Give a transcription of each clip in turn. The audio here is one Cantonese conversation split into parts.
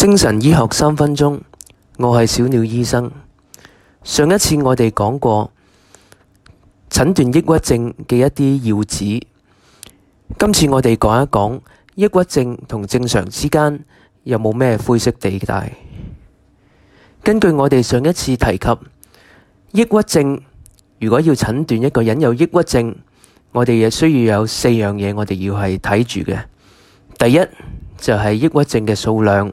精神醫學三分鐘，我係小鳥醫生。上一次我哋講過診斷抑鬱症嘅一啲要旨，今次我哋講一講抑鬱症同正常之間有冇咩灰色地帶。根據我哋上一次提及，抑鬱症如果要診斷一個人有抑鬱症，我哋亦需要有四樣嘢，我哋要係睇住嘅。第一，就係抑鬱症嘅數量。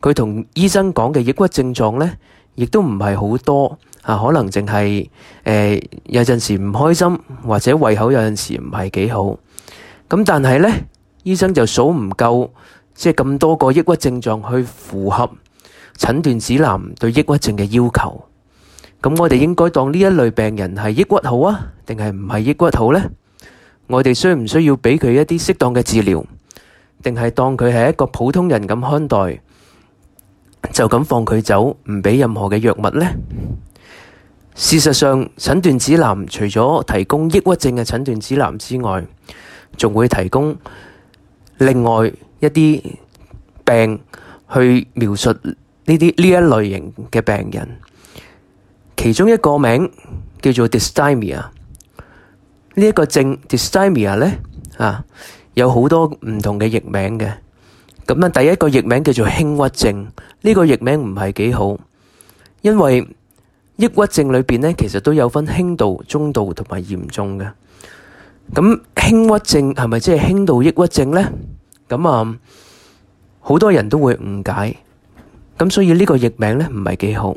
佢同醫生講嘅抑鬱症狀呢，亦都唔係好多啊。可能淨係誒有陣時唔開心，或者胃口有陣時唔係幾好。咁但係呢，醫生就數唔夠，即係咁多個抑鬱症狀去符合診斷指南對抑鬱症嘅要求。咁我哋應該當呢一類病人係抑鬱好啊，定係唔係抑鬱好呢？我哋需唔需要畀佢一啲適當嘅治療，定係當佢係一個普通人咁看待？就咁放佢走，唔畀任何嘅藥物呢？事實上，診斷指南除咗提供抑鬱症嘅診斷指南之外，仲會提供另外一啲病去描述呢啲呢一類型嘅病人。其中一個名叫做 Dysthymia 呢一、這個症 Dysthymia 呢，啊，有好多唔同嘅譯名嘅。咁啊，第一個譯名叫做輕鬱症，呢個譯名唔係幾好，因為抑鬱症裏邊咧，其實都有分輕度、中度同埋嚴重嘅。咁輕鬱症係咪即係輕度抑鬱症咧？咁啊，好多人都會誤解。咁所以呢個譯名咧，唔係幾好。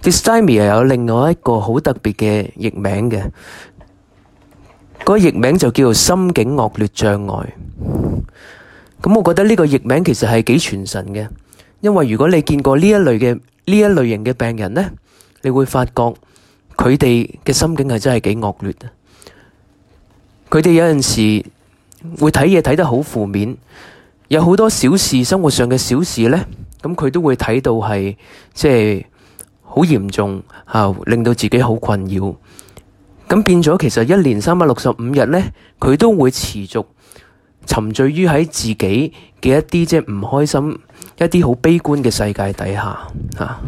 Dysthymia 又有另外一個好特別嘅譯名嘅，個譯名就叫做心境惡劣障礙。咁我覺得呢個譯名其實係幾傳神嘅，因為如果你見過呢一類嘅呢一類型嘅病人咧，你會發覺佢哋嘅心境係真係幾惡劣啊。佢哋有陣時會睇嘢睇得好負面，有好多小事，生活上嘅小事咧，咁佢都會睇到係即係好嚴重啊，令到自己好困擾。咁變咗，其實一年三百六十五日咧，佢都會持續。沉醉於喺自己嘅一啲即係唔開心、一啲好悲觀嘅世界底下嚇。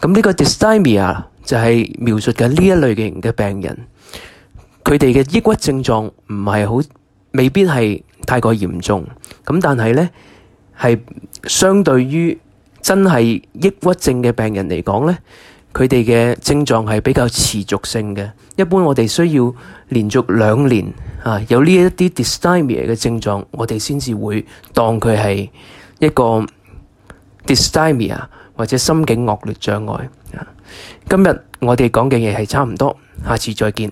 咁、啊、呢個 dysthymia 就係描述緊呢一類型嘅病人，佢哋嘅抑鬱症狀唔係好，未必係太過嚴重。咁但係咧，係相對於真係抑鬱症嘅病人嚟講咧，佢哋嘅症狀係比較持續性嘅。一般我哋需要連續兩年。啊，有呢一啲 dysthymia 嘅症狀，我哋先至會當佢係一個 dysthymia 或者心境惡劣障礙。今日我哋講嘅嘢係差唔多，下次再見。